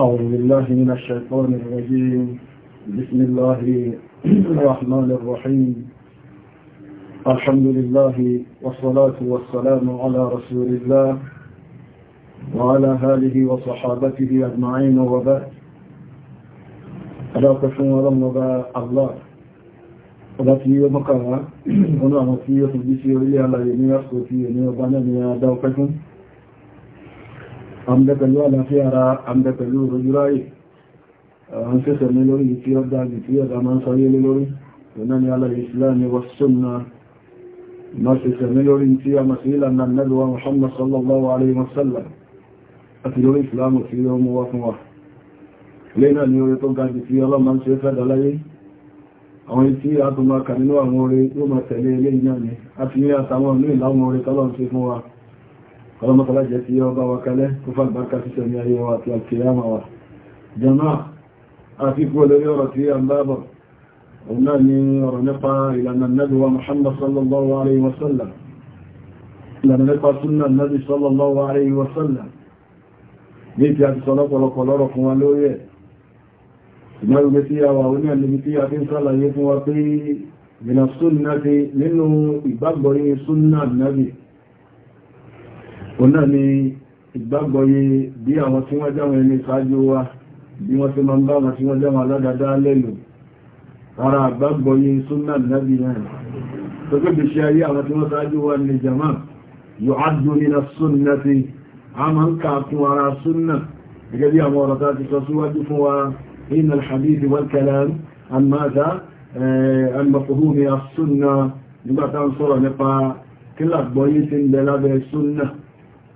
أعوذ بالله من الشيطان الرجيم بسم الله الرحمن الرحيم الحمد لله والصلاة والسلام على رسول الله وعلى آله وصحابته أجمعين وبعد ألا تفهم رمضة الله ọ̀láti yíó mọ́kànlá هنا àwọn tí على fi bí sí orílẹ̀ aláyé ní àmdẹ pẹ̀lú àlàáfíà ara àmdẹ pẹ̀lú rojúráyè àwọn fẹ́sẹ̀ ní lórí tí ó dájú tí ó dámá ń sọrí lé lórí lónà ní alàìsíláàmì wàsúnà ma fẹ́sẹ̀ ní lórí tí a masílà na nẹ́lúwà Muhammad sallallahu alaihi wasallam àti lórí ìsìláàmù tí ó mú wá fún wa lẹ́nà ní orí tó gájú tí ọlọ́mà ń ṣe tẹ̀lé ilé ìyá ni a fi ní àtàwọn ní ìlàmù orí tọ́lọ́ ń ṣe fún wa kọlọ́mọ́ tọ́lá jẹ́ tí ọba wa kalẹ́ tó fà bárka síṣẹ́ ní ayé wa àti alkiyama wa jama a fi kú olórí ọ̀rọ̀ tí a ń bábọ̀ òun náà ni ọ̀rọ̀ nípa ìlànà nabi wa muhammad sallallahu alaihi wasallam ìlànà nípa súnà nabi sallallahu alaihi wasallam ní ti a ti sọ lọ́pọ̀lọpọ̀ lọ́rọ̀ fún wa lórí ẹ̀ náà ni ìgbàgbọ́yé bí àwọn tí wọ́n jáwọn ẹni ṣáájú wa bí wọ́n tí ma ń bá wọn tí wọ́n jáwọn aládàdá lẹ́lò ara àgbàgbọ́yé súnnà nàbí náà tó pé bí ṣe ayé àwọn tí wọ́n ṣáájú wa ní jama yóò ádùn nínú súnnà ti a máa ń kàkún ara súnnà gẹ́gẹ́ bí àwọn ọ̀rọ̀ tàbí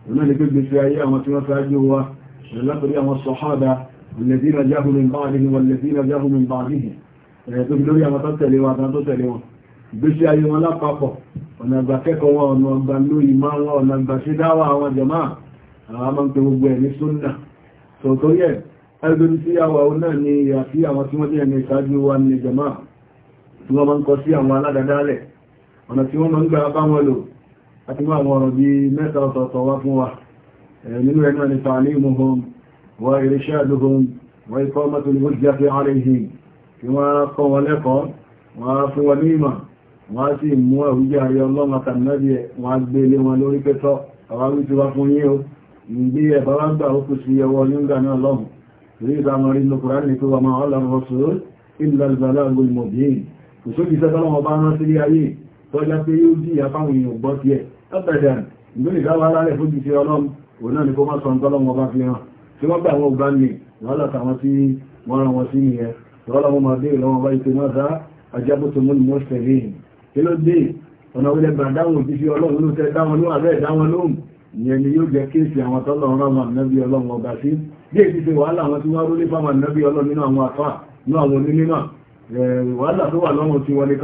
ìrìnlẹ̀ gbogbo ìṣẹ́ ayé àwọn tí wọ́n sáájú wa látọ̀rí àwọn sọ̀hádà الذين جاءوا من بعدهم والذين جاءوا من بعدهم ẹ̀ẹ́dùn lórí àwọn tó tẹ̀lé wa tó tẹ̀lé wọn ìgbésí ayé wọn lápapọ̀ ọ̀nà àgbà kẹ́kọ̀ọ́ ọ̀nà àgbà lórí máa ọ̀nà àgbà àti máa wọn bí mẹ́ta ọ̀tọ̀ọ̀tọ̀ wá fún wa nínú ẹ̀ náà ni ta'limuhum wa irshaduhum wa iqamatul hujjati alayhim kí wọ́n kọ́ wọn lẹ́kọ̀ọ́ wọ́n fún wọn ní ìmọ̀ wọ́n sì mú àwùjẹ́ àrí ọlọ́mọ tàbí wọ́n gbé lé wọn lórí pẹ́tọ́ àwọn tọ́já pé yóò jí ìyá fáwọn èèyàn gbọ́ sí ẹ̀ ọ́pẹ̀dẹ̀ ìgbóni ìdáwà ara rẹ̀ fójú sí ọlọ́run òun ni kó má sọ ń tọ́lọ́mọ bá fi hàn tí wọ́n gbà wọn ò bá ní wọ́n lọ́ta wọn sí wọ́n sí nìyẹn tọ́lọ́ wọn máa ni mọ́ sẹ̀lẹ́yìn kí ló dé ọ̀nà wílẹ̀ gbà dáhùn òbí sí ọlọ́run ló tẹ́ dáwọn lóhùn abẹ́ dáwọn lóhùn ìyẹn ni yóò jẹ́ kéèsì àwọn tọ́lọ́run rán wọn nẹ́bí ọlọ́run ọba sí bí èsì ṣe wàhálà àwọn tí wọ́n rólé fáwọn nẹ́bí ọlọ́run nínú àwọn àfà nínú àwọn onímọ̀ wàhálà tó wà lọ́rùn tí wọ́n ní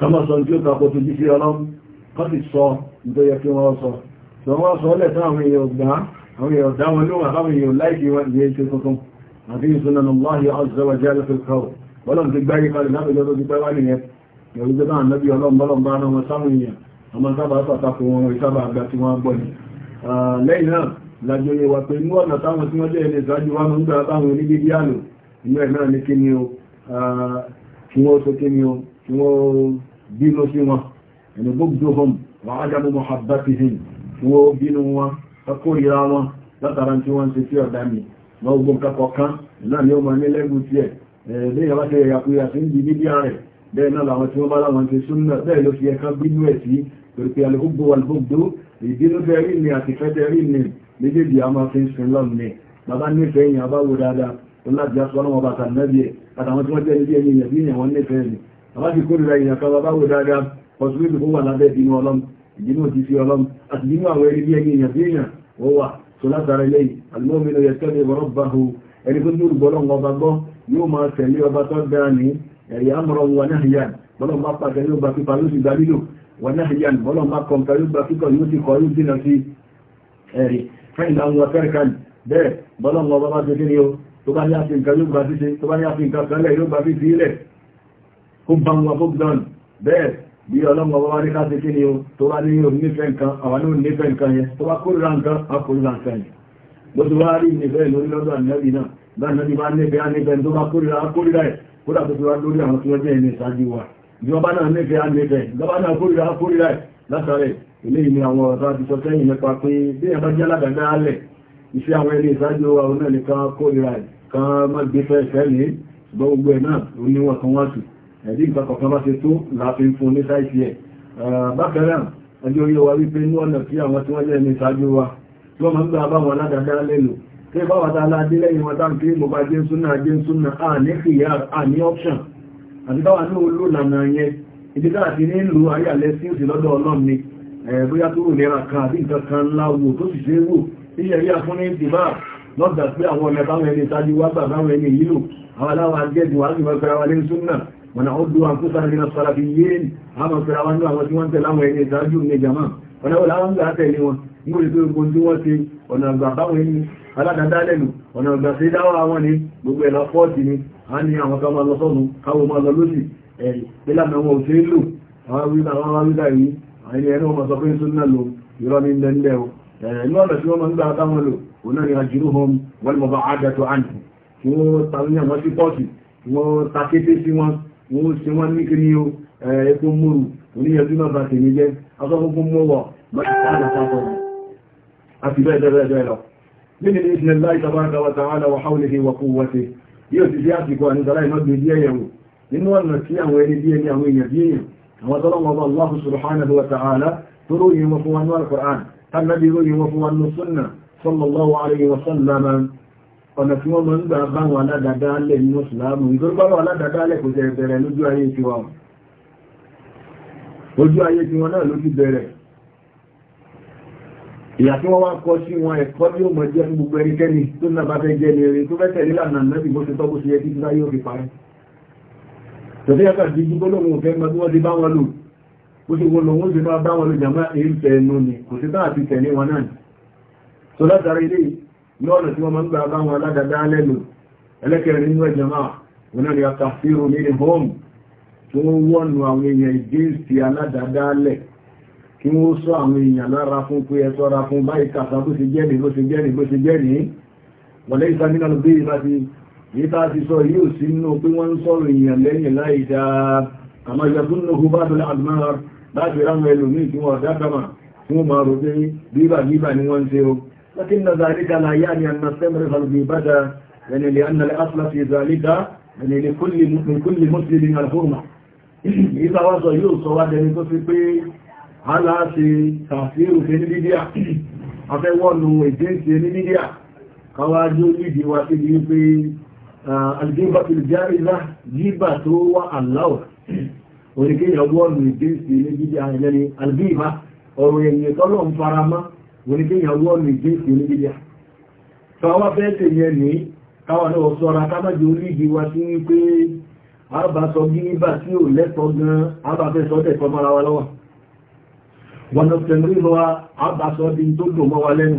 kọmọ sọ tí ó tako tó jíṣẹ́ ọlọ́m kọ́ ti sọ ìtọ́yẹ kí wọ́n sọ sọ wọ́n sọ lẹ̀ sáwọn èèyàn gbá àwọn èèyàn dá wọn lóhùn àbáwọn èèyàn láìkí wọn ìyẹn ṣe tuntun àti ìsúná lọ́hì ọ̀zọ́wọ́ jẹ́ lọ́fẹ́ kọ́ bọ́lọ̀m ti gbáyé kalẹ̀ lábẹ́jọ́ tó ti pẹ́ wá nìyẹn yóò gbé náà nẹ́bí ọlọ́m bọ́lọ̀m bá náà wọn sáwọn èèyàn ọmọ sábà sàtakò wọn ìsábà àgbà tí wọ́n gbọ́ ni lẹ́yìn kí ni o kí wọ́n tó kí ni o kí wọ́n bínú sí wọn ẹni gbogbo hàn wọ́n ájámú mọ̀hábá ti hìn kí wọ́n bínú wọn kọ́kórìíra wọn látara tí wọ́n ti fi ọ̀dá mi wọ́n gbogbo kakọ̀ kan náà ni ó máa ní lẹ́gùn tí ẹ̀ lẹ́yìn wá sí ẹ̀yà kúrìyà sí ń di bíbí rẹ̀ bẹ́ẹ̀ náà làwọn tí wọ́n bá láwọn ti súnmọ́ bẹ́ẹ̀ ló fi àbájú kórìíra èèyàn kan bàbá wò dáadáa pọ̀sùlùmí ó wà lábẹ́ ìbínú ọlọ́m ìbínú òtí fi ọlọ́m àti ìbínú àwọn ẹni bí ẹni èèyàn sí èèyàn ó wà tó látara ilé àlùmọ́mìnà yẹtẹ́lẹ̀ ọ̀rọ̀ bá hu ẹni tó dúró bọ́lọ́ ọba gbọ́ yóò máa tẹ̀lé ọba tó dáa ní ẹ̀yà àmọ̀rọ̀ wọn náà yà bọ́lọ́ bá pàtẹ yóò gba pípa yóò sì gba lílò wọn náà yà bọ́lọ́ bá kọ̀ǹkà yóò kó bá wọn bó gbọ́n bẹ́ẹ̀ bí ọlọ́mọ bá wá ní kí ni o tó bá ní onífẹ́ nǹkan àwọn ní onífẹ́ nǹkan yẹn tó bá kórìíra nǹkan á kórìíra nǹkan yẹn bó ti wá rí ìnífẹ́ lórí lọ́dọ̀ ànínábì náà bá ànínábì bá nífẹ́ á nífẹ́ tó bá kórìíra á kórìíra ẹ̀ kódà tó ti wá lórí àwọn tí wọ́n jẹ́ ẹni ìsájú wa ìjọba náà nífẹ́ á nífẹ́ ìjọba náà kórìíra á kórìíra ẹ̀ látàrẹ̀ ilé ìní kan má gbé fẹ́ ìfẹ́ ní ṣùgbọ́n gbogbo ẹ̀ náà ó níwọ̀n kan wá sí ẹ̀dí nǹkan kọ̀kan bá ṣe tó láàfin fún ní sáìsì ẹ̀ bákanáà ẹjọ́ orí wa wípé ní ọ̀nà tí àwọn tí wọ́n jẹ́ ní ìṣáájú wa tí wọ́n máa ń gbà bá wọn aládàáda lẹ́nu tí bá wà tààlà dé lẹ́yìn wọn tán kí mo bá jẹ́ súnà jẹ́ súnà à ní kìyà à ní option àti báwa ní olú lànà yẹn ibi tá àti ní ìlú ayàlẹ́ sí òsì lọ́dọ̀ ọlọ́run ni bóyá tó ní ونعد أنفسنا من الصلفيين أما الفرعون من جماعة ونقول في ونبقاهم aládádálẹ́lù ọ̀nà ọ̀gbà sí dáwà wọn ni gbogbo ẹ̀lá fọ́ọ̀tì ni a ní àwọn kan máa lọ sọ́nù káwọ máa lọ lóṣì ẹ̀rì pílànà wọn ò sí lò àwọn wíwá yìí àìní ẹ̀rọ ọmọ sọ pé ń súnmọ́ lò ìrọ́ ní ndẹ́ndẹ́ o ẹ̀lú ọ̀nà tí wọ́n máa ń gbà táwọn lò òun náà ni àjírú tí wọ́n ta ní àwọn sí pọ́ọ̀tì wọ́n ta kété wọ́n ṣe wọ́n ní kiri o ẹ̀ẹ́kún múrù oníyànjú náà bá ti ní jẹ́ akọ́kún mọ́wọ̀ mọ́tàlá Tàbí ìròyìn wọ́n fún wọn ní súnnà, sallallahu alaihi wasallam ọ̀nà tí wọ́n mọ́ ń gbà báwọn aládàdálẹ̀ ní mọ́sùlámù nítorí báwọn aládàdálẹ̀ kò jẹ́ bẹ̀rẹ̀ lójú ayé ti wọn ojú ayé tí wọn náà ló ti bẹ̀rẹ̀ ìyà tí wọ́n wá kọ́ sí wọn ẹ̀kọ́ tí ó mọ̀ jẹ́ fún gbogbo ẹnikẹ́ni tó náà bá fẹ́ jẹ́ ní eré tó fẹ́ tẹ̀lé lànà mẹ́bí bó ṣe tọ́kù sí ẹ títí bí wọ́n ti bá so látara ilé ní ọ̀nà tí wọ́n máa ń gbà bá wọn aládàdá lẹ́nu ẹlẹ́kẹ̀rẹ̀ nínú ẹ̀jọ̀má wọn náà ni a ta fírò ní home tí wọ́n wọ́nu àwọn èèyàn ìgbésí aládàdá lẹ̀ kí wọ́n sọ àwọn èèyàn lára fún pé ẹ sọ́ra fún báyìí kàtà bó ṣe jẹ́rìí bó ṣe jẹ́rìí bó ṣe jẹ́rìí wọ̀lẹ́ ìsàmínà ló béèrè láti yìí tá a ti sọ yóò sí nínú pé wọ́n ń sọ̀rọ̀ èèyàn lẹ́yìn láì dáa àmọ́ ìyàtún náà kó bá dọ̀lá àdúmọ́ láti ráwọn ẹlòmíì tí wọ́n dákàmà tí wọ́n máa rò pé bíbà bíbà ni wọ́n ń ṣe o لكن ذلك لا يعني أن نستمر بالغيبة يعني لأن الأصل في ذلك يعني لكل من كل مسلم الحرمة إذا وصل يوصل يعني تصفي على تفسير في البدع أفوانه الجنس في البدع قواجه لدي وفي في الجيبة الجائزة جيبة والله ولكي يقول الجنس في البدع يعني الجيبة أو يتلهم فرما oníkéyàn wọ́n lè gé ìsì onígbìyà tó wá fẹ́ tè yẹ ní káwà náà sọ́ra kámọ́jì onígi wa sí wípé àbàsọ gíníbà tí ò lẹ́tọ̀ gan àbàfẹ́ sọ́tẹ̀ tọ́ mọ́ra wa lọ́wọ́ wọnà tẹ̀mí wa àbàsọ di tó dùn mọ́ wa lẹ́nu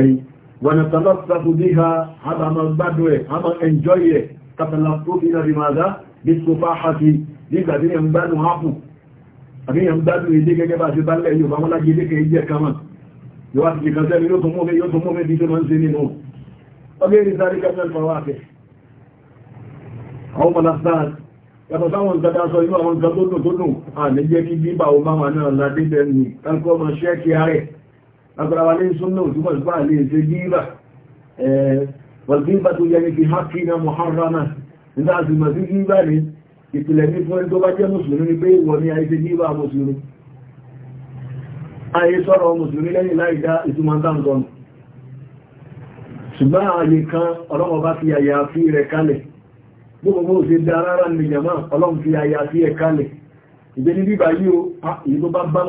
ẹ̀yìn wọnà tọ́lọ́ sàkó bí ha àbàmọ́ gbádùn ẹ̀ àmọ́ ẹ̀njọ́ yẹ kàtàlà tó yíwá ti kìkan sẹ́ni yóò tó mú mi yóò tó mú mi bí tó máa ń ṣe nínú ọgbẹ́ ìrìn sáré kẹfẹ́ fọwọ́ àfẹ́ àwọn mọ̀lásáàtì yàtọ̀ sáwọn nǹkan tá sọ inú àwọn nǹkan tó dùn tó dùn àmì jẹ́ kí bíbà o máa wọn náà ládé lẹ́nu ẹnkọ́ ọmọ ṣẹ́ kí a rẹ̀ agbára lè súnmọ́ òtúmọ̀ ìgbà lè ṣe bíbà wàlbíbà tó yẹ ní fi hákì na muharrama nígbà àti mọ̀ sí bíbà ní ìpìlẹ̀ ní fún ẹni tó bá jẹ́ ni pé ìwọ ni ayé sọ́rọ̀ mùsùlùmí lẹ́yìn láìdá ìtumọ̀ntàntọ́nù ṣùgbọ́n ààyè kan ọlọ́wọ́ bá fi àyà fi rẹ̀ kalẹ̀ gbogbo ó ṣe dá rárá ní ìjàmá ọlọ́run fi àyà fi ẹ̀ kalẹ̀ ìgbé ní bíbá yíò ìgbó bá bá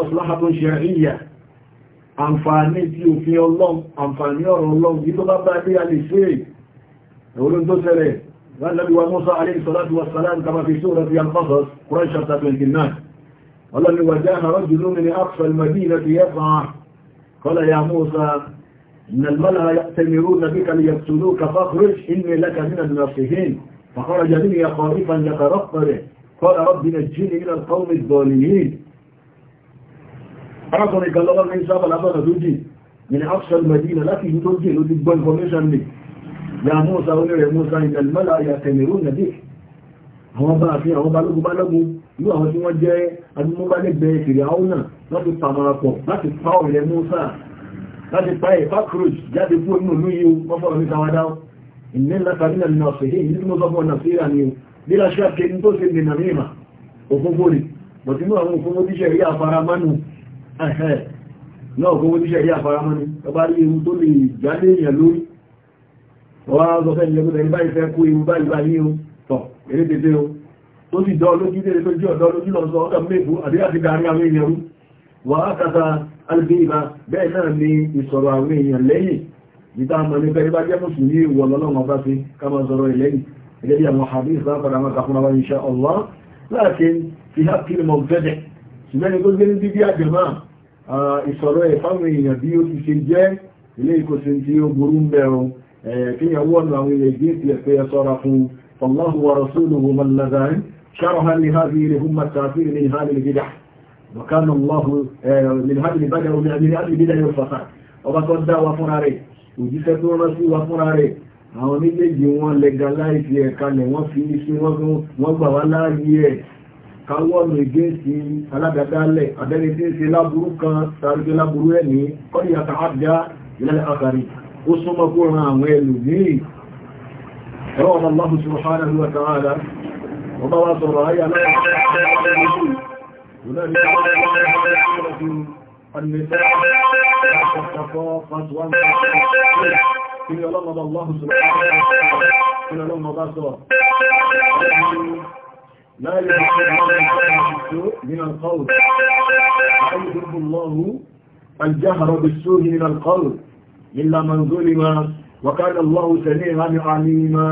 قال لي وجاءنا رجل من أقصى المدينة يسعى قال يا موسى إن الملأ يأتمرون بك ليقتلوك فاخرج إني لك من الناصحين فخرج مني خائفا يترقبه قال رب نجني من القوم الظالمين أعطني قال الله من صاحب الأبناء تجي من أقصى المدينة لا فيه تجي لتبقى يا موسى يا موسى إن الملأ يأتمرون بك هو بقى فيها هو بقى له بقى لكم ìlú àwọn tí wọ́n jẹ́ adúmọ́gbálẹ́gbẹ̀ẹ́ ìfèrè àwọn náà láti pàmọ́rapọ̀ láti pa ọ̀rẹ́ Musa láti pa ẹ̀ fákúròj jáde kúrò nínú ìlú yìí wọ́n fọ́rọ̀ ní tàwádá ìní ńlá kàmínà nínú ọ̀sẹ̀ yìí nínú ọgbọ̀n nàìjíríà ni bí i aṣọ àti ẹni tó ṣe lè nà mímà òfófó rẹ̀ bọ̀tí ní àwọn òfófó tíṣẹ̀ rí àfaramánu náà òfófó tíṣẹ̀ rí àfaramánu ọba rí ewu tó lè jáde èèyàn lórí ọwá sọ fẹ́ ìjẹ́gbẹ̀rẹ̀ báyìí fẹ́ kú ewu báyìí báyìí o tọ̀ eré tètè o tó ti dán lójú lé lójú ọ̀dọ́ lójú lọ sọ ọkà mẹ́bù àbí àti darí àwọn èèyàn rú wà á kàtà alìbíyìnbá bẹ́ẹ̀ náà ni ìsọ̀rọ̀ àwọn èèyàn lẹ́yìn níta mọ̀ ní pẹ́lú bá jẹ́ mùsùlùmí ìwọ̀ lọ́lọ́wọ́ bá fi ká máa sọ̀rọ̀ ìlẹ́yìn gẹ́gẹ́ bí àwọn àbí ìsáfàdà máa kàfún àwọn insha Allah láàkín fi há kí ni mọ̀ fẹ́dẹ̀ ṣùgbẹ́ni tó gbé ní bíbí àjẹmá ìsọ̀rọ̀ àwọn ilẹ̀ ìgbé ẹ̀fẹ́ sọ́ra fún Allahu wa rasuluhu man lazari شرها لهذه لهم ha من هذه البدع وكان الله من هذه البدع من هذه البدع والفساد وبتودى وفراري òjíṣẹ́ tó rán wa fúnra rẹ̀ àwọn méjèèjì wọn legalize ẹ̀ kalẹ̀ wọ́n fi ṣe wọ́n gbà wá láàyè ẹ̀ káwọ́nù ìgbésí aládàdálẹ̀ abẹ́ni tí ń ṣe láburú kan sàrúgbé láburú ẹ̀ ní àkàrí ó súnmọ́ kó ran àwọn ẹlòmíì wọ́n bá wá sọ̀rọ̀ ayé aláàrẹ̀ لا الله من القول يحفظ الله الجهر بالسوء من القول إلا من ظلم وكان الله سميعا عليما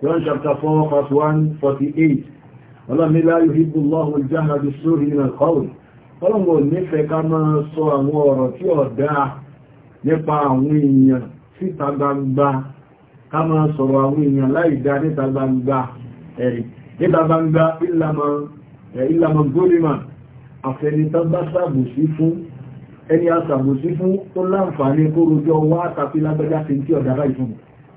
Quran chapter 4 verse 148 ọlọ́run ní láyé ìbúlọ́hùn ìjáhà bí sórí nínú ọ̀rùn ọlọ́run ò nífẹ̀ẹ́ ká máa sọ àwọn ọ̀rọ̀ tí ó dáa nípa àwọn èèyàn síta gbangba ká máa sọ̀rọ̀ àwọn èèyàn láì dá níta gbangba ẹ̀rì níta gbangba ìlàmà gómìnà àfẹnitán fún ẹni àsàbòsí fún tó láǹfààní kó rojọ́ wá tàbí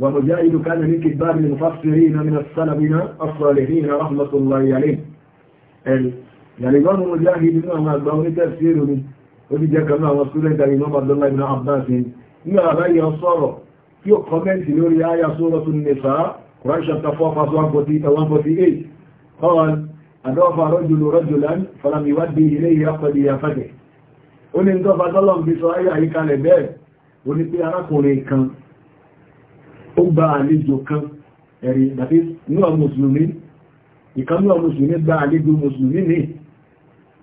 ومجاهد كان من كبار المفسرين من السلفين الصالحين رحمة الله عليه يعني الإمام مجاهد إمام أكبر تفسير وفي جاك الله وسورة الإمام عبد الله بن عباس إما غير الصورة في قمنت لوري آية سورة النساء قريش التفاقص 148 قال أضاف رجل رجلا فلم يودي إليه يقضي يا فتح ó ní ń tọ́fà tọ́lọ̀ ń fi ó gba àlejò kan ẹ̀rì àti níwà mùsùlùmí ìkanúwà mùsùlùmí gba àlejò mùsùlùmí ní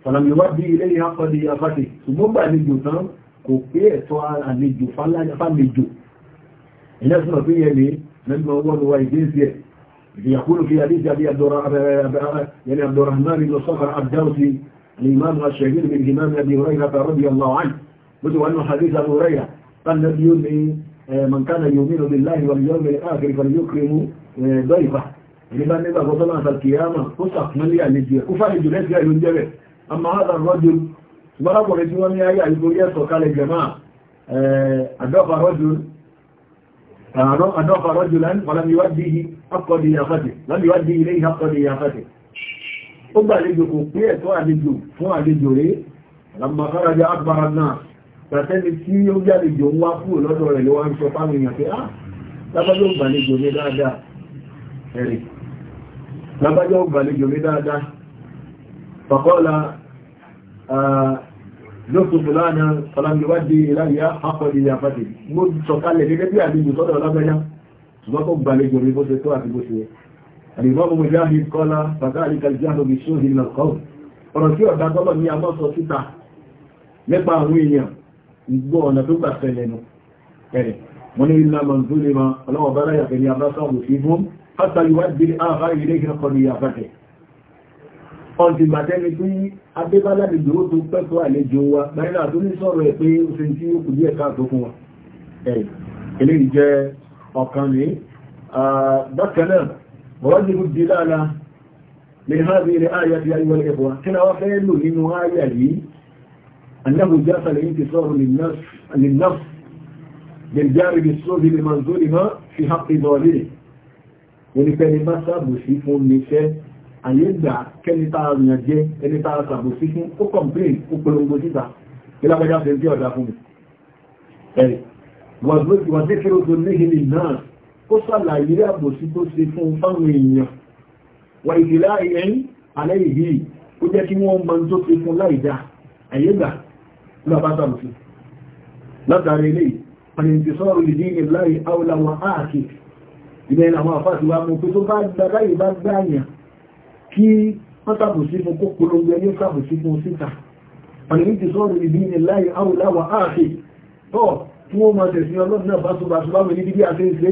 fàlàmìwá bí ilé ìhápọ̀dé afáṣe ṣùgbọ́n gba àlejò tán kò pé ẹ̀tọ́ àlejò fálàjò ẹ̀yẹ́ sọ́nà pé yẹ ní mẹ́lùmọ̀ wọ́n wá ìdíẹ́sì ẹ̀ يقول في حديث أبي عبد الرحمن بن صخر الدوسي الإمام الشهير من إمام أبي هريرة رضي الله عنه بدو أنه حديث أبو هريرة قال Eh, man kana yu'minu billahi wal yawmil akhir falyukrim eh, dayfahu nígbà nígbà tó tọ́lá àtàkìyàmà ó sàkúnlẹ̀ àlejò ẹ̀ kó fàlejò lẹ́sẹ̀ àyò ń jẹ́bẹ̀ àmà hádà rọ́jò gbọ́dọ̀kùnrin tí wọ́n ní ayé àyíkórí ẹ̀sọ̀ kalẹ̀ jẹ̀má àdọ́fà rọ́jò láń wàlámiwádìí akọ̀dì ìyàfàtì ó gbà àlejò kò pé ẹ̀tọ́ àlejò fún àlejò rẹ̀ tàtẹ́lẹ̀ tí ó gbàlejò ń wá kúrò lọ́dọ̀ rẹ̀ ló wá ń sọ fáwọn èèyàn pé á ah, lábájọ́ gbàlejò mi dáadáa ẹ̀rì lábájọ́ gbàlejò mi dáadáa fàkọ́lá lóṣù fúlànà ọlámiwádìí ìlànà àkọlì àfàtì mo sọ̀kalẹ̀ gẹ́gẹ́ bí àlejò sọ́dọ̀ lábájá ṣùgbọ́n tó gbàlejò mi bó ṣe tó àti bó ṣe àlèmọ́ mo já ní kọ́lá fàkàlì kàlìjáàlò mi ṣóhìn lọ́kọ́ ọ̀rọ̀ tí ọ̀dà tọ́lọ̀ ní a mọ́ sọ síta nípa àwọn èèyàn ìgbọ́ ọ̀nà tó gbà fẹ́ lẹ́nu ẹ̀rẹ̀ wọ́n ní ilá mọ̀zúlé ma ọlọ́wọ̀ bá láyà pẹ̀lú abáṣà wò sí fún pátá ìwá ìdílé àbá ilé ìṣẹ́ kọlu ìyàfẹ́fẹ́ ọ̀dì gbàtẹ́ni tí abébáládì dúró tó pẹ́tọ́ àlejò wa náírà tó ní sọ̀rọ̀ ẹ̀ pé ó ṣe tí ó kù díẹ̀ káàtó fún wa ẹ̀rẹ̀ eléyìí jẹ́ ọ̀kan ní bákan náà wọ́n ti dì lára lè hábi kí ni wọ́n fẹ́ lò nínú ayà yìí أنه جاء الانتصار للنفس للنفس بالجانب السوفي لمنظور ما في حق ظالمه ولكلمة سابوسي فون نيشة àyégbà kẹ́ni tára rìyàn jẹ́ ẹni tára sàbò sí fún ó kọ̀m̀plín ó polongo síta tí lágbàjá fẹ́ bí ọ̀dá fún mi ẹ̀rì wàzífẹ́rò tó léhìlì náà ó sàlàyé àbòsí tó ṣe fún fáwọn èèyàn wà ìdílá ẹ̀yìn alẹ́ ìhì ó jẹ́ kí wọ́n mọ tó ṣe fún láìdá àyégbà náà bá sàmùsí látàrí ilé pàyẹ̀ntì sọ́rọ̀ ìdí ìláì aúláwọ̀ áàkì ilẹ̀ àwọn àfáàtì wa mú pé tó bá gbàgbáyì bá gbáyà kí wọ́n sàmùsí fún kó polongo ẹni sàmùsí fún síta pàyẹ̀ntì sọ́rọ̀ ìdí ìláì aúláwọ̀ áàkì tọ́ tí wọ́n máa tẹ̀sí ọlọ́dún náà bá tó bá tó bá wẹ̀ ní bíbí àti ìṣe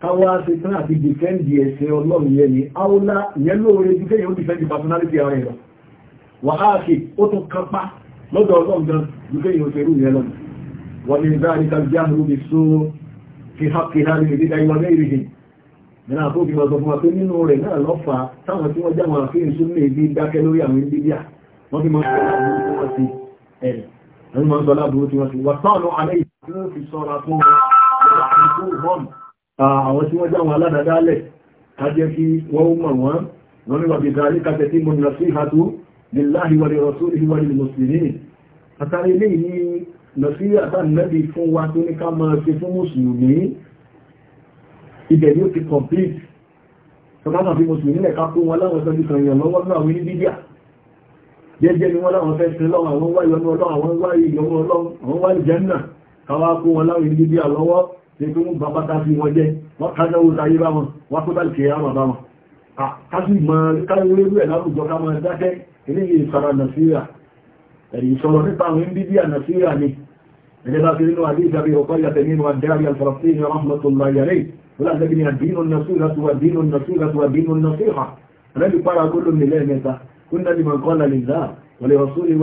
káwá ṣe tán àti dìfẹ́ǹdì ẹ̀sẹ̀ ọlọ́run yẹn ni áúlá yẹn lóore ju kéèyàn ó dìfẹ́ǹdì personality ara ẹ̀ lọ wàhálàkì ó tún kápá lọ́dọ̀ ọlọ́run gan ju kéèyàn ó ṣerú yẹn lọ́nà wọ́n ní bá àríkà bí áhùrú mi só fi hápì hárí ní dídá ìwà mẹ́rin yìí nínú àpò òbí wọn sọ fún wa pé nínú rẹ̀ náà lọ́ fà táwọn tí wọ́n já ń sọ láburú tí wọ́n ti wà táwọn àlẹ́ ìgbà fi sọ́ra fún wọn àwọn tí wọ́n jáwọn aládàdálẹ̀ kájẹ́ kí wọ́n mọ̀ wọ́n wọ́n níwà bí dárí kájẹ́ tí mo nà sí ìhàtú lillahi wa lirasulihi wa lil muslimin àtàrí ilé yìí nà sí àtànẹ́bì ní ká máa ṣe mùsùlùmí ibẹ̀ ni ní jẹ́jẹ́ ni wọ́n láwọn fẹ́ sin lọ́wọ́ àwọn wáyọ̀ ọlọ́run àwọn wáyọ̀ ọlọ́run àwọn wáyọ̀ jẹ́ náà káwá kó wọn láwọn ní lọ́wọ́ nígbé wọn bàbá dájú wọn jẹ́ wọ́n kájọ́ ó dáyé bá wọn wọ́n tó dájú kìí àmà bá kájú mọ̀ káyọ̀wé ẹ̀ lárúgbọ́ ká dákẹ́ eléyè ìsara nàìjíríà ẹ̀yìn sọ̀rọ̀ nípa àwọn ndídíà nàìjíríà ni ẹ̀jẹ̀ bá fi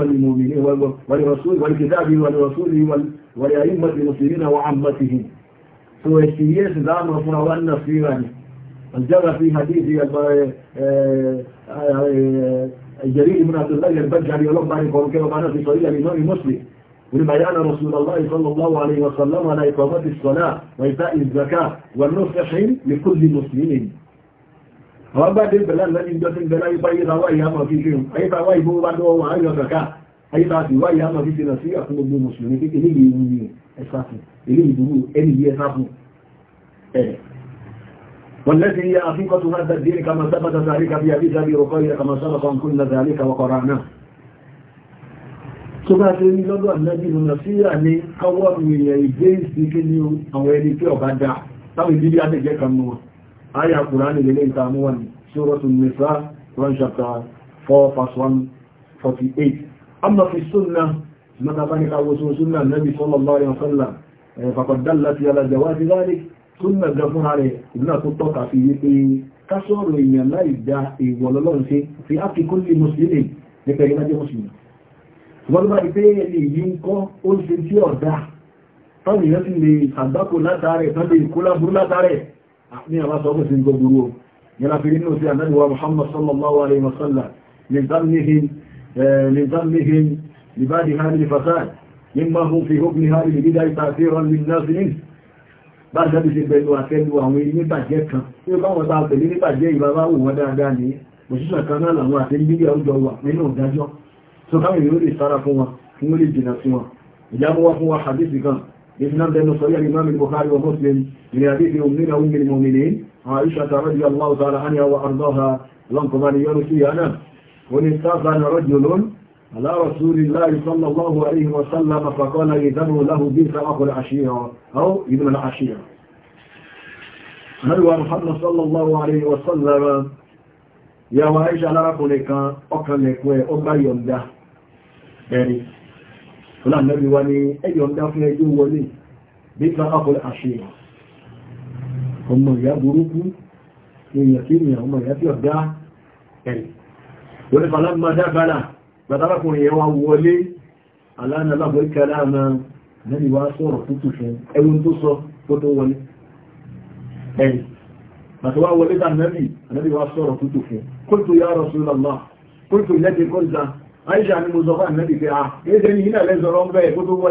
nínú والكتاب ولرسوله ولأئمة المسلمين وعامتهم سويسية زعم فروان نصيرا جرى في حديث الجرير بن عبد الله البجعي يقول بعد يقول كما معنا في صحيح الإمام مسلم ولبيان رسول الله صلى الله عليه وسلم على إقامة الصلاة وإيتاء الزكاة والنصح لكل مسلم وبعد البلاد الذي يجب أن يبيض وإيام في فيهم أي فوائد بعد وهو عن الزكاة ayé bá ti wáyé àmọ́ fífi náà sí àfún gbogbo mùsùlùmí pé eléyìí ewu ni ẹ̀sà fún eléyìí burú ẹni yìí ẹ̀sà fún ẹ̀ wọ́n lẹ́sí yẹ àfíkọ́ tó hádà dé kama sábàtà sáré kàbí àbí sábì ọkọ̀ yẹ kama sábà kan kún náà sáré kàwọ́ kọ̀ra náà tó bá ṣe ní lọ́dọ̀ ànábì nù nàṣíyà ní káwọ́ ènìyàn ìgbé ìsìnkí ní àwọn ẹni tí ọ̀gá dá táwọn ìdílé àtẹ̀jẹ́ kan mú wọn ayà kùránì lélẹ́ ìtààmú wọn ní Suratul Nisa 1 chapter 4 verse 148 أما في السنة ماذا بانك أو سنة النبي صلى الله عليه وسلم فقد دلت على جواز ذلك سنة جفون عليه ابنة تطقع في كسر من لا يدع ولولون في في أكل كل مسلم لكلمة مسلم wọ́n bá ìpé èyí ń kọ́ ó ń ṣe tí ọ̀dá tọ́nà yóò sì lè ṣàgbákò látàrẹ̀ tọ́nà ìkó láburú látàrẹ̀ ní àwọn sọ́kù sí gbogbo yẹn láfi nínú sí àdájúwà Muhammad sallallahu alaihi wasallam ní zamnihim من ذنبهم لبعد هذه الفساد مما هم في حكم هذه البدع تأثيرا للناس منه bá dábí ṣe pẹ̀lú àtẹ́lú àwọn oníbàjẹ́ kan tí ó bá wọn bá pẹ̀lú oníbàjẹ́ ìbára wò wọ́n dáadáa ní òṣìṣẹ́ kan náà làwọn àti nílé ọjọ́ wà nínú ìdájọ́ tó káwọn ìlú lè sára fún wọn fún ó lè jìnà sí wọn ìjábọ̀ wá fún wa hadithi kan ìfìnà bẹnu sọ́yà imam bukhari wa muslim ìrìn àdífi òmìnira òmìnira òmìnira àwọn àìṣà tààrà di allah ta'ala haniya wa arzaha lọ́nkọ̀bá ni yọrù sí yánà ونستغفر رجل على رسول الله صلى الله عليه وسلم فقال يذن له بيس أخو العشيرة أو ابن العشيرة هل محمد صلى الله عليه وسلم يا وعيش على ركنك أكلك وأبا يمده يعني فلا النبي وني أي يمده في يجو ولي بيس أخو العشيرة هم يبروك إن يكيني هم يبدا يعني wani falamma dábàlá bàtàlákùnrin yẹn wá wọlé alánàlábọ̀ ìkàlá àmà lẹ́ni wá sọ̀rọ̀ tútù fún ẹwọ́n tó sọ tó tó wọlé ẹ̀yìn bàtà wá wọlé dá nẹ́bì lẹ́ni wá sọ̀rọ̀ tútù fún kóòtù ya Rasulullah kóòtù lẹ́gbẹ̀ kọ́lá aisha ni mo sọ fún ànẹ́bì pé ah ẹ̀ẹ́dẹ́ ni ilẹ̀ lẹ́sọ̀rọ̀ ń bẹ́ẹ̀ kó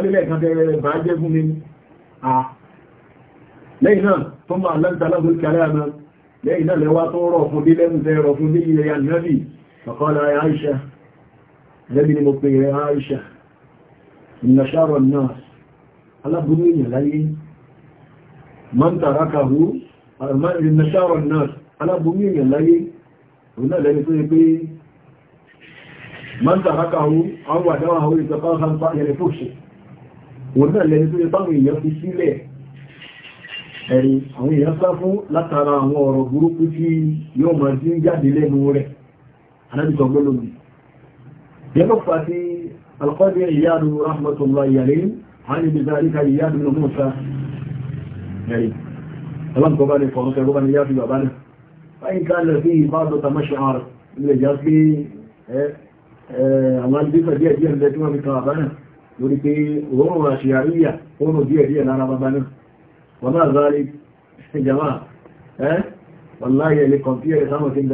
lẹ́yìn náà tó máa lẹ́ntà lábọ̀ ìkàlá àmà lẹ́yìn náà lẹ́wà tó rọ̀ fún dé tẹ́ rọ̀ fún dé ilẹ̀ ya nẹ́bì فقال يا عائشة لبني مطير يا عائشة من شر الناس على بنية لين من تركه من شر الناس على بنية لين هنا لين تقول من تركه أو ودوه إتقاخا طائر فرشه هنا لين تقول طمي يفسي له ẹ̀rí àwọn èèyàn sá fún látara àwọn ọ̀rọ̀ burúkú tí yóò máa dín jáde lẹ́nu rẹ̀ anábìsọ̀ gbólómi yẹ́lọ́ pàtí alkọ́bí ìyáàdù rahmatullahi yàrí hannun bí záríkà ìyáàdù ní mọ́sá yàrí ọlọ́nkọba ní fọ́nà tẹ́gbọ́n ní yáàdù bàbá náà fáyín ká lè fi ìbáàdọ̀ ta mọ́ṣàárù ilẹ̀ já sí àwọn àdífẹ́ díẹ̀ díẹ̀ ń bẹ tí wọ́n fi kan bàbá náà lórí pé òórùn àṣìyàríyà òórùn díẹ̀ díẹ̀ lára bàbá náà wọ́n náà zárí jama ẹ́ wọ́n láyẹ̀ lè kọ̀ǹpí ẹ̀rẹ́ sáwọn tí ń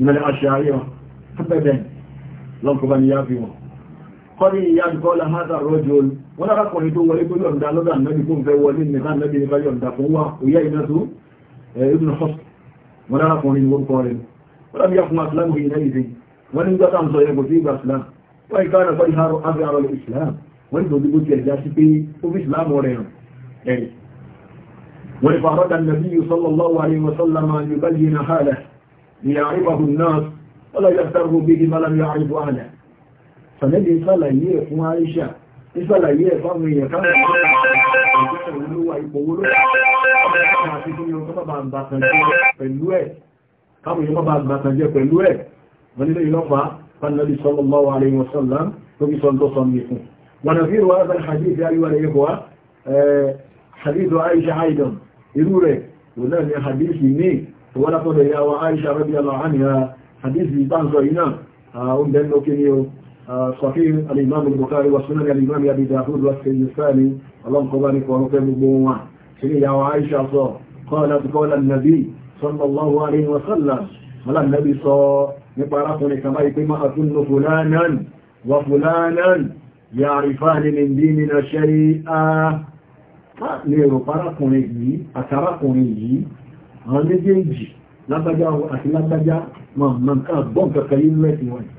ìmẹ̀lẹ̀ àṣàyọ̀ pẹ́pẹ́bẹ̀ lọ́nkọba ni yá fi wọn kọ́ ní ìyá ìkọ́lá hádà rọ́jò wọ́n lárakọ̀rin tó wọlé tó yọ̀nda lọ́dà nẹ́bí kó ń fẹ́ wọlé nìta nẹ́bí nípa yọ̀nda fún wa òyà iná tó ibn hus wọ́n lárakọ̀rin wọ́n kọ́ rẹ̀ wọ́n lábí yá fún asilamu yìí náà ìdí wọ́n ní gbọ́ta ń sọ yẹ kò sí ìgbà islam wọ́n ìka rẹ̀ fọ́lì liya'rifahu an-nas wala yaftaru bihi ma lam ya'rifu ahla sànẹ́bí sàlàyé ẹ̀ fún Aisha ìsàlàyé ẹ̀ fáwọn èèyàn káwọn ọ̀pọ̀ olówà ipò olówà àti fún yóò kọ́ bá gbàtànjẹ́ pẹ̀lú ẹ̀ káwọn yóò bá gbàtànjẹ́ pẹ̀lú ẹ̀ wọ́n nílé ìlọ́pàá fánàlì sallallahu alaihi wasallam tó kí sọ́ntọ́ sọ́mí fún wọn fi rọ azal hadith ayuwa da yabuwa hadith aisha aidan irú rẹ̀ wọn náà ni hadith ni ìwọ́lápọ̀lẹ̀ ìyá wa Aisha radiyallahu anha hadithi ìbáǹsọ̀ iná oúnjẹ ń lókè ní o sọ̀fí alìmáàmù Bukhari wa sunan alìmáàmù Abi Dawud wa Sèyísáàni ọlọ́nkọba ní kọ̀ọ̀rọ̀ pẹ́ gbogbo wọn sí ni ìyá wa Aisha sọ kọ́ọ̀lá ti kọ́ọ̀lá nàbí sallallahu alaihi wa sallam mọ́lá nàbí sọ nípa arákùnrin kan báyìí pé máa tún yìí àwọn méjèèjì lágbájá àti lágbájá mọ̀ nǹkan àgbọ̀n kankan yìí nínú ẹ̀sìn wáyé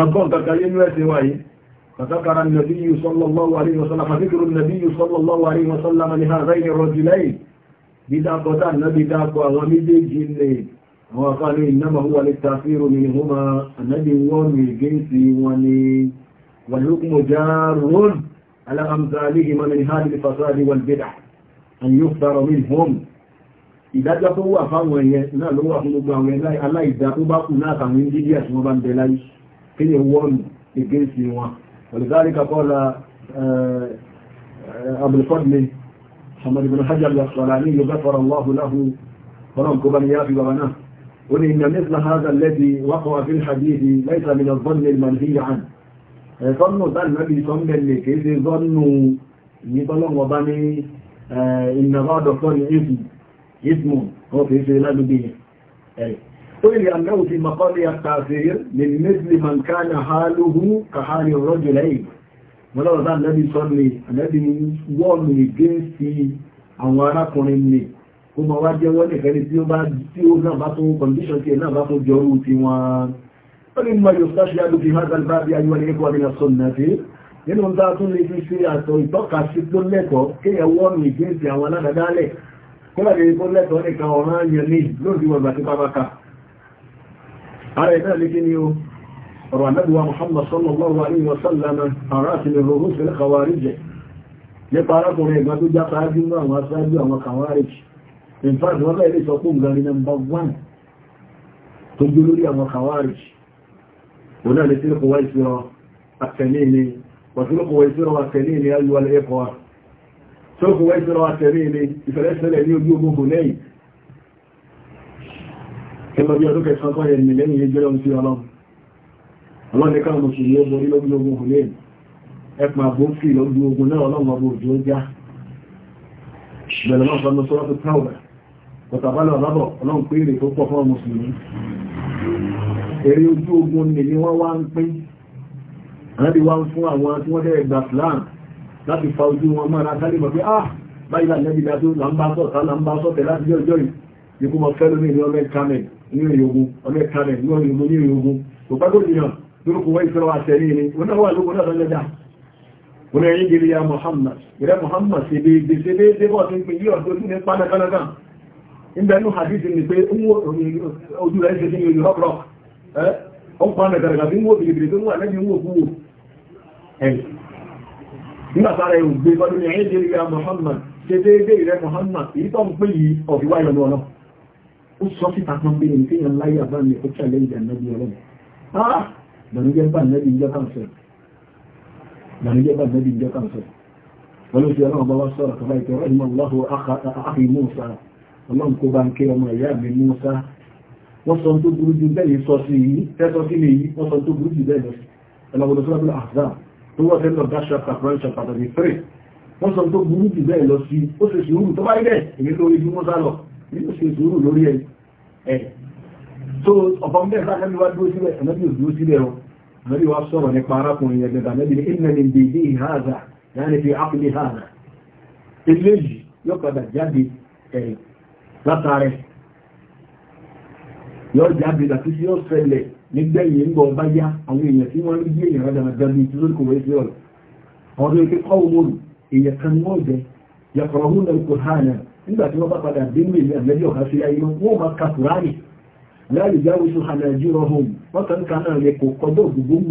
àgbọ̀n kankan yìí nínú ẹ̀sìn wáyé فذكر النبي صلى الله عليه وسلم فذكر النبي صلى الله عليه وسلم لهذين الرجلين بداقة النبي داقة ومدجي الليل وقال إنما هو للتأثير منهما النبي ومن جنس ونين والحكم جار على أمثالهما من هذه الفساد والبدع أن يفتر منهم ìdájọ́ tó wà fáwọn ẹ̀yẹ náà ló wà fún gbogbo àwọn ẹ̀láì aláìdá tó bá kù náà tàwọn ìdílé àti wọ́n bá ń bẹ láyé kí ni wọ́n gẹ́gẹ́ sí wọn olùdarí kakọ́lá eh, eh, abulfadli hamadu bin hajj al-asqala ní yóò bẹ́fọ̀rọ̀ allahu lahu ọlọ́run kó bá ní yáfi bàbá náà ó ní ismu wọ́n fi ṣe lálúgbé ẹ̀rẹ̀ ó ilẹ̀ àmẹ́wò fi makọ́lì àtàfẹ́ ní mẹ́sìlì mọ̀ká ní àhálùhù kàhálì rọ́jù lẹ́yìn mọ́lọ́rọ̀dá lẹ́bí sọ́lẹ̀ lẹ́bí wọ́ọ̀lù ìgbé sí àwọn arákùnrin ni ó ma wá jẹ́ wọ́n nìkan tí ó bá tí ó náà bá tún kọ̀ndíṣọ̀n tí ẹ̀ náà bá tún jọ orú ti wọn ó ní mọ̀ yóò sáṣẹ́ alùpì hàzàlbá bí ayúwa ní ẹ̀kọ́ àmìnà sọ́nà sí nínú ta tún lè fi ṣe àtọ̀ ìtọ́ka sí tó lẹ́kọ̀ọ́ kéèyàn wọ́ọ̀lù ìgbé sí àwọn aládàdálẹ̀ kọ́lọ̀dé tó lẹ́tọ̀ọ́ nìkan ọ̀rán yẹn ní lóòdí wọ̀gbà tí bá bá ká ara ìtàn lé kí ni o ọ̀rọ̀ àmẹ́bùwa Muhammad sallallahu alaihi wasallam ara ti lè rọrùn sí kàwàríjẹ̀ nípa arákùnrin ìgbà tó jápa ájú ní àwọn aṣáájú àwọn kàwàríjì in fact wọ́n lè sọ fún gari number one tó gbé lórí àwọn kàwàríjì òun tó kò wẹ́ ìṣẹ́ra àtẹ̀rí ilé ìfẹ̀lẹ́sẹ̀lẹ̀ ní ojú ogun kò lẹ́yìn ẹmọ bí ọdún kẹsàn kọ́ yẹ nìlẹ́ ní ẹjọ́ lọ́n sí ọlọ́run ọlọ́run ká mọ̀ sí ní ogun ní lójú ogun kò lẹ́yìn ẹpà bó fi lójú ọ̀lábọ̀ ọlọ́run pé èrè tó pọ̀ fọ́ọ̀mù sí ní èrè ojú ogun nì ni wọ́n wá ń pín ànábì wá ń fún àwọn tí wọ́n dẹ̀ gbà fúlàǹtì láti fa ojú wọn mọ́ra sálébọ̀ pé ah báyìí lẹ́bí dájú lámbásọ̀ sálámbásọ̀tẹ̀ láti jẹ́ ọjọ́ yìí kó mọ fẹ́ lómi ní ọmọ ẹ̀kánẹ̀ ní ìyógun ọmọ ẹ̀kánẹ̀ ní ìyógun ní ìyógun kò pẹ́ kó jìyàn lórúkọ wọ́n ìfẹ́ wa tẹ̀lé ni wọ́n náà wà lóko náà lọ́jọ́dá wọ́n ẹ̀yìn gẹ̀rẹ́ Muhammad gẹ̀rẹ́ Muhammad ṣe déédé ṣe déédé bọ́ sí pé yí ọ̀dọ́ tún ní pánákánáká ìgbẹ́ inú hadith ni pé ojú rẹ̀ ṣe sí ní ojú ọkọ̀ ọ̀pọ̀ ànàkàrà kàfí ń wò bìrìbìrì tó wà lẹ́yìn ń wò ẹ̀yìn nígbàtàrà ìwò gbé lọ́dún ní ẹ̀yẹ́ ìrẹ́ Muhammad ṣe déédé ìrẹ́ Muhammad èyí tó ń pè yí ọ̀fíwá ìrọ̀lú ọ̀nà ó sọ síta kan pé ní kéèyàn láyé àbá mi ó tẹ̀lé ìjà nẹ́bí ọlọ́run ah bànújẹ́ bá nẹ́bí ìjọ kan sọ bànújẹ́ bá nẹ́bí ìjọ kan sọ wọ́n ló fi ọlọ́run bá wá sọ̀rọ̀ kọba ìtọ́ ìmọ̀ lọ́hùn áhì Musa ọlọ́run kó bá sí yìí tẹ́sọ sí mi yìí tó wọ́n tẹ́lọ̀ dá ṣọ́pà fún ṣọ́pà tàbí fẹ́rẹ̀ wọ́n sọ tó burú jù bẹ́ẹ̀ lọ sí ó ṣe sùúrù tó bá rí bẹ́ẹ̀ èmi lórí bí wọ́n sá lọ ní ó ṣe sùúrù lórí ẹ̀ ẹ̀ tó ọ̀pọ̀ ń bẹ́ẹ̀ sáà wá dúró síbẹ̀ ẹ̀nàbí ò dúró síbẹ̀ o ẹ̀nàbí wa sọ̀rọ̀ nípa arákùnrin nígbẹ̀yìn ń bọ̀ bá yá àwọn èèyàn tí wọ́n rí bí èèyàn rádà máa dábí tí lórí kò wẹ́ sí ọ̀rọ̀ àwọn tó yẹ kí kọ́ wọn èèyàn kan wọ́n jẹ yàtọ̀rọ̀ hún lórí kò hàn náà nígbà tí wọ́n bá padà dé ní ilé àgbẹ̀bí ọ̀há sí ayé wọn máa ka kùránì láàyè já oṣù hànà ẹ̀jú rọ hùn wọ́n kàn ká náà yẹ kò kọjọ́ òdùgbò ń wọ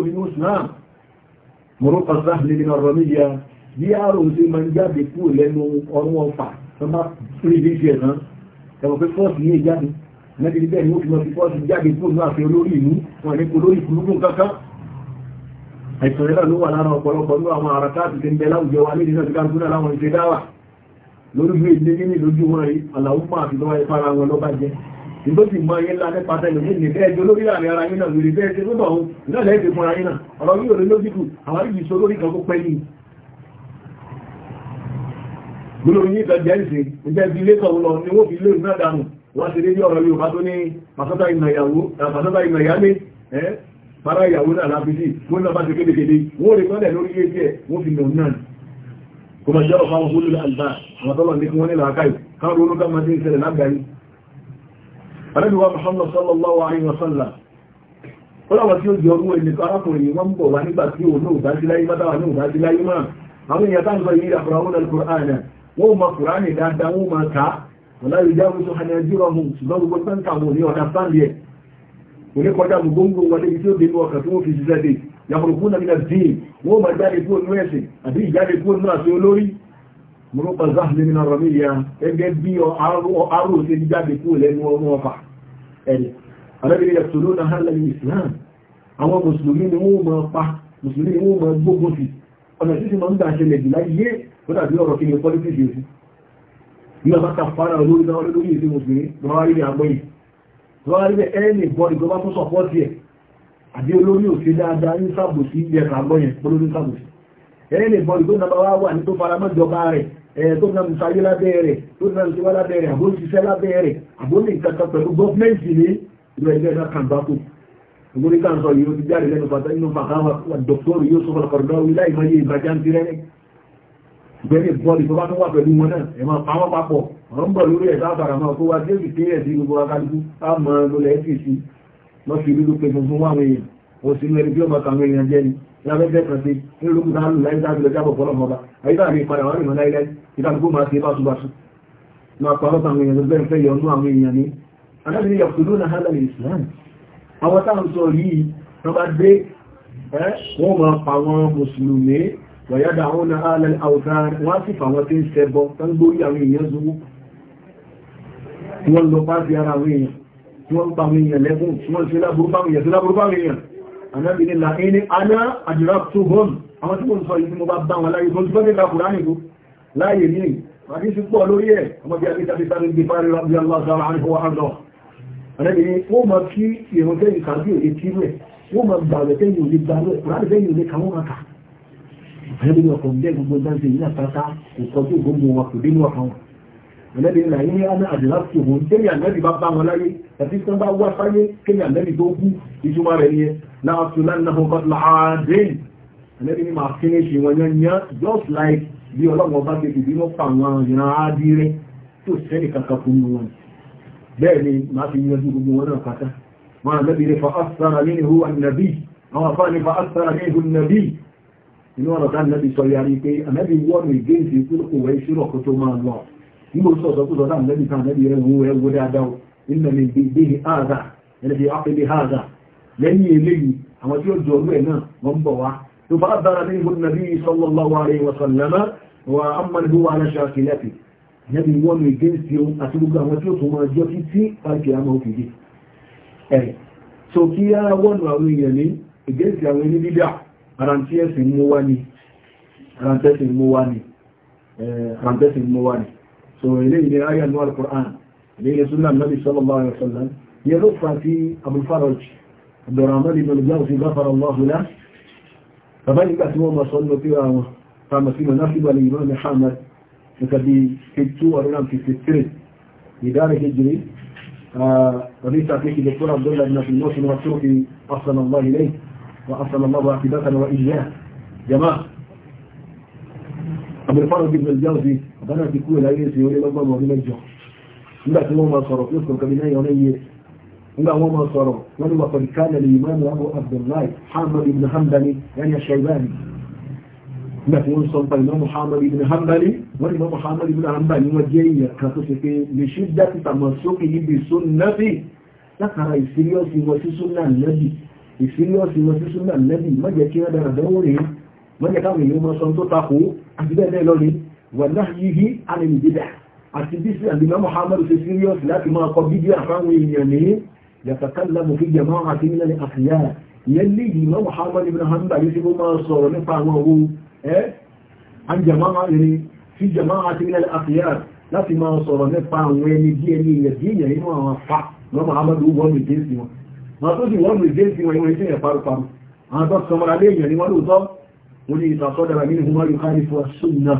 ìlébi mọ̀rọ́pà sáàlì nínú ọ̀rọ̀ níyà bí àrùn sí máa ń jáde kúrò lẹ́nu ọrún ọfà tó má pírí bí ṣe ẹ̀nà ẹ̀wọ̀n pé fọ́ọ̀sì ní ìjáde mẹ́tìrì bẹ́ẹ̀ ni ó fi lọ sí fọ́ọ̀sì jáde kúrò ní àfihàn olórí ìlú wọn ní kò lórí ìkúrúkún kankan àìsàn rẹ̀ ló wà lára ọ̀pọ̀lọpọ̀ ní àwọn àràká àti ti ń bẹ láwùjọ wa nídìí náà ti káńtún náà láwọn ìṣe dáwà lórí bí ilé nínú ìlójú wọn yìí àlàó máa fi lọ́wọ́ ẹ fara wọn lọ́bàjẹ́ tó ti mọ ayé ńlá nípa tẹ́lẹ̀ ní ìgbẹ́ ẹjọ́ lórí ààrẹ ara yín náà lórí bẹ́ẹ̀ ṣe lọ́dọ̀ ọ̀hún náà lẹ́ẹ̀dẹ̀ fún ara yín náà ọ̀rọ̀ yìí ò ní lójúkù àwọn ìbí ìṣó lórí kan kó pẹ́ yìí gbólórí yìí kan jẹ́ ìṣe ìjẹ́ ti ilé sọ̀rọ̀ lọ ni wọ́n fi lé ìrìnà dànù wọ́n ti lérí ọ̀rọ̀ eh, eh, para ìyàwó náà láti sí wọ́n náà bá ti kéde wọ́n lè kọ́lẹ̀ lórí ẹgbẹ́ wọ́n fi lọ náà kò mọ̀ jẹ́ ọ̀fà wọn kúlù àlùbá àwọn tọ́lọ̀ ní kí wọ́n nílò àkáì káwọn olókà máa Àrẹ́bíwá Muhammad sallallahu alayhi wa sallam. Ó láwọn tí ó jẹ orú ẹni arákùnrin wọ́n ń bọ̀ wá nígbà tí òun náà dájú láyé mátàwà ní òdájú láyé máa. Àwọn èèyàn táǹsọ yìí àfúráwọ́n al Wọ́n ma Kùránì dáadáa wọ́n ma ká. Wọ́n láyé já wọ́n mọ́rọ́pà záàlì nínú rọ̀míyà gẹ́gẹ́ bí arú ṣe jáde kú lẹ́nu ọmọ ọfà ẹni alábìnrin ẹ̀tọ́ló na hàn lẹ́yìn islam àwọn mùsùlùmí ni wọ́n mọ̀ pa mùsùlùmí ni wọ́n mọ̀ gbógun sí ọ̀nà tí ti mọ̀ ń dà ṣẹlẹ̀ jù láyé ó dàbí ọ̀rọ̀ kí ni politics yóò sí nígbà bá ta fara olórí náà olórí ìsìn mùsùlùmí lọ́wọ́ rí ní àgbẹ̀yìn lọ́wọ́ rí ní ẹni bọ́ ìjọba tó sọ̀pọ́ọ̀tì àgbọ̀yìn olórí sàbòsí ẹni Eh, tó náà sáyé lábẹ́ rẹ̀ tó náà ti wá lábẹ́ rẹ̀ àbó ṣiṣẹ́ lábẹ́ rẹ̀ àbó ní ìkàkà pẹ̀lú gọ́ọ̀mẹ́ntì ní ìlú ẹgbẹ́ náà kan bá kù ìgbórí kan sọ yóò ti jáde lẹ́nu bàtà inú màkàwà dọ́kítọ́rù yóò sọ fọlọfọlọ wí láì máa yé ìbàjá ń tirẹ́ ìgbẹ́ni bọ́ọ̀lì tó bá tó wà pẹ̀lú wọn náà ẹ̀ máa pa wọ́n papọ̀ ọ̀rọ̀ ń bọ̀ lórí ẹ̀dá àbàrà máa tó wá débi kéèyàn sí gbogbo akálukú á mọ lọlẹ̀ ẹ́sì sí lọ́sí ìlú pé gbogbo wọn àwọn lábẹ́gbẹ́ kan ti ní olókùn tá lù láyé dájú lọ́jábọ̀ fọ́lọ́mọ ọba àyíká àmì ìpadà wọn rìnmọ́ láyé láyé ìdájúgbó máa ṣe báṣubáṣu máa pa ọlọ́pàá àwọn èèyàn lọ́gbẹ́ ìfẹ́ yọnú àwọn èèyàn ní adájú ní yàtọ̀ lónà hálà ní Islam àwọn táwọn sọ yìí wọ́n bá dé wọ́n máa pa wọn mùsùlùmí wọ̀yádà àwọn na hálà àwùjá wọn á sì fà wọn tí ń ṣẹbọ tán gbórí àwọn èèyàn zuwú wọ́n lọ pàṣẹ ara anábi ní làíní aná àjírá tó hom àwọn tí mo ń sọ yìí tí mo bá bá wọn láyé tó ń gbọ́nà ìlàkùnrán nìkú láyé ní àti sí pọ̀ lórí ẹ̀ ọmọ bí abíta bí sáré gbé parí rabi allah sára àríkọ wa àrùn anábi ní ó mọ kí ìrùn tẹ́yìn kàbí òde tí rẹ̀ ó mọ gbàgbẹ́ ànẹ́bí ńlá yín ní ọ̀nà àdìlá tó wọ́n kémi ànẹ́bí bá bá wọn láyé àti sọ́n bá wá sáyé kémi ànẹ́bí tó kú ìjùmọ̀ rẹ̀ yẹn láàtú lánàá kọ́ láàdín ànẹ́bí ní máa fi ní ṣe wọn yẹn yẹn just like bí ọlọ́wọ́n bá ti dìbí wọ́n pa àwọn ìran ádìrẹ́ tó sẹ́ni kankan fún wọn bẹ́ẹ̀ ni máa fi yanjú gbogbo wọn náà pátá wọn ànẹ́bí ní fa asara nínú ìhú ànẹ́bí àwọn afá ní fa asara nínú ìhú ànẹ́bí inú ọ̀rọ̀ ká ànẹ́bí sọ yàrá pé ànẹ́bí wọ́n mi gé ìsìnkú òwe ìṣúrọ̀ kó máa lọ nígbò sọ ọ̀sọ̀ kúrò náà lẹ́bí kan lẹ́bí rẹ̀ òun ẹwọ dáadáa nígbà mi bí i ààzà ẹlẹ́bí ápẹ́lẹ́ ààzà lẹ́yìn eléyìí àwọn tí ó jọ ọlú ẹ̀ náà wọ́n ń bọ̀ wá tó bá dára ní ìbò nàbí sallallahu alaihi wa sallam wa amma ni huwa ala shakilati lẹ́bí wọ́n mi gé mú wá ni so ilé ilé ayé àlúwà al-Qur'an ilé ilé súnà nàbì sallallahu alaihi wasallam yẹ ló fà sí abúfaraj abdurrahman ibn al-Jawzi ghafara Allahu lahu bàbá nígbà tí wọ́n ma sọ nínú tíra wọn kàmà sí mọ̀ná sí balẹ̀ ìmọ̀ Muhammad nǹkan bí kẹtù ọ̀rọ̀lá fífi tírì ìdára kejìrì وليس فيه دكتور عبد الله بن في الموسم والتركي أحسن الله إليه وأحسن الله عقيدتنا وإياه جماعة àbẹ̀fọ́nà bí ìgbẹ̀lẹ̀ jáwọ́ sí àbánà ti kúrò láyé sí orí lọ́gbọ̀n ọdún mẹ́jọ nígbà tí wọ́n máa sọ̀rọ̀ yóò kọ̀ọ̀kan bí lẹ́yìn ọ̀rẹ́ yẹ nígbà wọ́n máa sọ̀rọ̀ wọ́n ni wàkọ̀dì kálẹ̀ lè máa mú abdullahi hamad ibn hanbali yẹn ya shaibani nígbà tí wọ́n sọ pa ìmọ̀ muhammad ibn hanbali wọ́n ni muhammad ibn hanbali wọ́n jẹ́ ìyà kan tó ṣe pé lè ṣe dákì tàmà sókè níbi sunnabi látara ìsíríọ́sì wọn sí sunna nẹ́bì ìsíríọ́sì sí sunna má jẹ́ kí wọ́n dára dánwó rèé mọ́jẹ́ káwọn èèyàn mọ́ sọ tó takò àti bẹ́ẹ̀ lọ́rin wà náà yìí alẹ́lẹ́ bídà àti bí sí àbíná Muhammadu ṣe serious láti máa kọ bídí àfáwọn èèyàn ní yàtàkàlà mo fi jẹmọ́ àti nílẹ̀ ní àfíyà ìyẹn lè yìí mọ́ Muhammadu ibn Hanbal yóò ṣe mọ́ máa sọ̀rọ̀ nípa àwọn owó ẹ́ àjẹmọ́ àrẹ fi jẹmọ́ àti nílẹ̀ àfíyà láti máa sọ̀rọ̀ nípa àwọn ẹni bí ẹni èèyàn bí èèyàn nínú àwọn afá mọ́ Muhammadu wọ́n mi dé sí wọn. wọn tó sì wọ́n mi dé sí wọn ìwọ̀n iṣẹ́ yẹn àwọn tó sọmọra lé èèyàn ni wọ́n lóòótọ́ wọ́n ní ìtàkọ́dára nínú ọmọ yóò fún ọ̀ṣùnà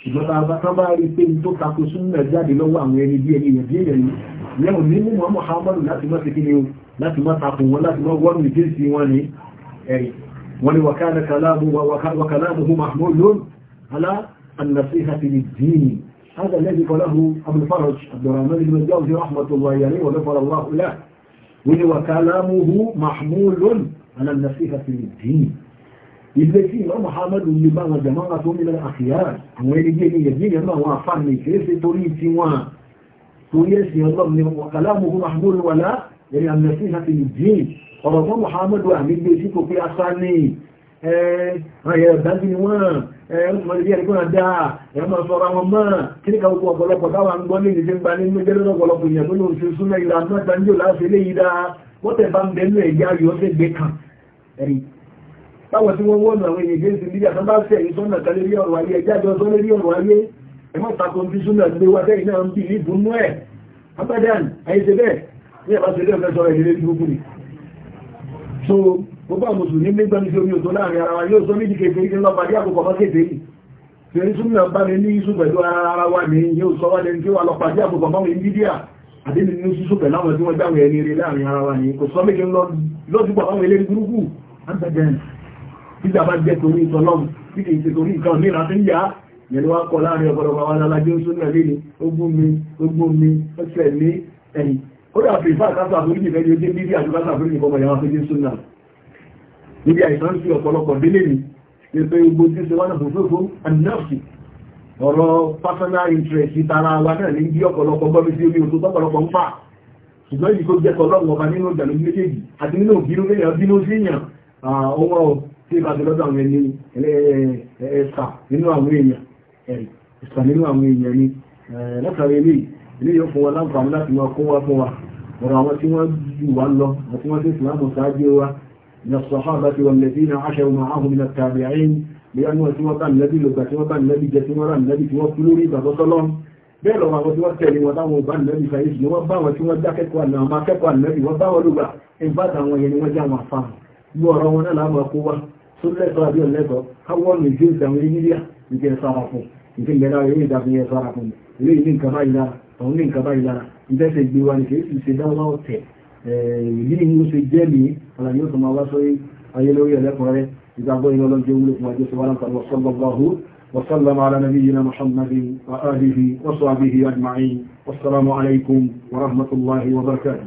ṣùgbọ́n bá tán bá rí pé tó tako súnmọ̀ jáde lọ́wọ́ àwọn ẹni bí ẹni ìrìn díẹ̀ yìí lẹ́wọ̀n ní mú Muhammadu láti mọ́ tẹ́kí ni láti mọ́ takùn wọn láti mọ́ wọ́n nìdí sí wọn ni ẹ̀rì هذا الذي قاله أبو الفرج عبد الرحمن بن الجوزي رحمة الله عليه وغفر الله له وكلامه محمول على النصيحة للدين ilé tí ìmọ̀ muhammadu yìí bá wọn jàmáà tó nílẹ̀ àfihàn àwọn ẹnigé ní yẹ̀dí yẹn náà wọn àfáàmì ìfẹ́ẹ́fẹ́ torí tí wọn torí ẹ̀sìn ọlọ́run ni wọn kàlá mọ̀ muhammadu wàlá ẹ̀rì àmẹ́sí láti lè dín ọ̀rọ̀ fún muhammadu àmì gbé sí kò pé asá ní ẹ̀ẹ́ dájú ni wọ́n ẹ̀ẹ́mọ̀lẹ́bí ẹ̀ríkọ́nà dáa ẹ̀ẹ́mọ̀ sọ́ra wọn mọ́ kí ní kàwọ́ ọ̀pọ̀lọpọ̀ táwọn ń gbọ́ ní ìdíje ń gba nínú jẹ́lẹ́rọ̀ ọ̀pọ̀lọpọ̀ ìyẹn tó lóun ṣe súnmọ́ ìlànà ìdájọ́ láti eléyìí dáa wọ́n tẹ̀ bá ń bẹ̀ẹ́lú báwọn tí wọ́n wọ́n àwọn èèyàn gẹ́ẹ̀sì líyà tó bá fẹ́ èyí tó nà kalẹ̀ rí ọ̀rọ̀ ayé ẹjá jọ tó lé rí ọ̀rọ̀ ayé ẹmọ́ tako bí súnà gbé wa tẹ́yìn náà ń bí ní ìdùnnú ẹ̀ abadan àyíṣe bẹ́ẹ̀ ní ẹ̀bá ṣe lẹ́ẹ̀fẹ́ sọ̀rọ̀ ìdílé tí so gbogbo àwọn mùsùlùmí nígbà ní omi òtó àwọn tí wọ́n dáwọn títà bá jẹ́ torí ìtọ́lọ́mù títà ìṣe torí ìkan ní ìrántí yá yẹni wá kọ láàrin ọ̀pọ̀lọpọ̀ àwọn alájọ́ súnà lélẹ̀ ogún mi ogún mi ọ̀sẹ̀ ní ẹ̀yìn ó dà fi ìfà kásà àforíjì fẹ́ yóò dé bíbí àti kásà àforíjì fọmọ ìyàwó àforíjì súnà níbi àìsàn sí ọ̀pọ̀lọpọ̀ délé ni ní pé gbogbo tí ṣe wánà personal interest tara wa náà ní bí ọ̀pọ̀lọpọ̀ gbọ́mí sí omi òtó tọ́pọ̀lọpọ̀ ń fà ṣùgbọ́n ìdíkó jẹ́ kọlọ́ọ̀mù ọba nínú ìjàlómi méjèèjì àti nínú òbínú kéèyàn bínú tí bá ti lọ́dọ̀ àwọn ẹni ẹ̀ẹ́sà nínú àwọn èèyàn ẹ̀ẹ́sà nínú àwọn èèyàn ni látàrí ilé ilé yóò fún wa láǹfààní láti máa kó wá fún wa ọ̀rọ̀ àwọn tí wọ́n jù wá lọ àti wọ́n sì sì láàmù sáájú wa ní ọ̀sọ̀fáàbá ti wọ́n lẹ́bí náà aṣẹ́ wọn àhùn mi láti tàbí àyín bí wọ́n tí wọn náà láàmú ọkọ̀ wá tó lẹ́tọ̀ọ́ àbí ọ̀lẹ́tọ̀ọ́ káwọ́ mi tí ó sàwọn ilé ìjẹ́ sára fún ìfẹ́ ìlera eré ìdáfihẹ́ sára fún ilé ìní nǹkan báyìí lára àwọn ní nǹkan báyìí lára ìdẹ́sẹ̀ gbé wa ní kìí sì ṣe dáwọ́ ọ̀tẹ̀ ìdí ni ó ṣe jẹ́ mi àlàyé ó sọmọ wá sórí ayé ẹ̀lẹ́kùnrin ìgbàgbọ́ iná lọ́jọ́ wúlò fún ajé sọ́wọ́n kan wọ́sọ́lọ́gbọ́hù وسلم على نبينا محمد وآله وصحبه أجمعين والسلام عليكم ورحمة الله وبركاته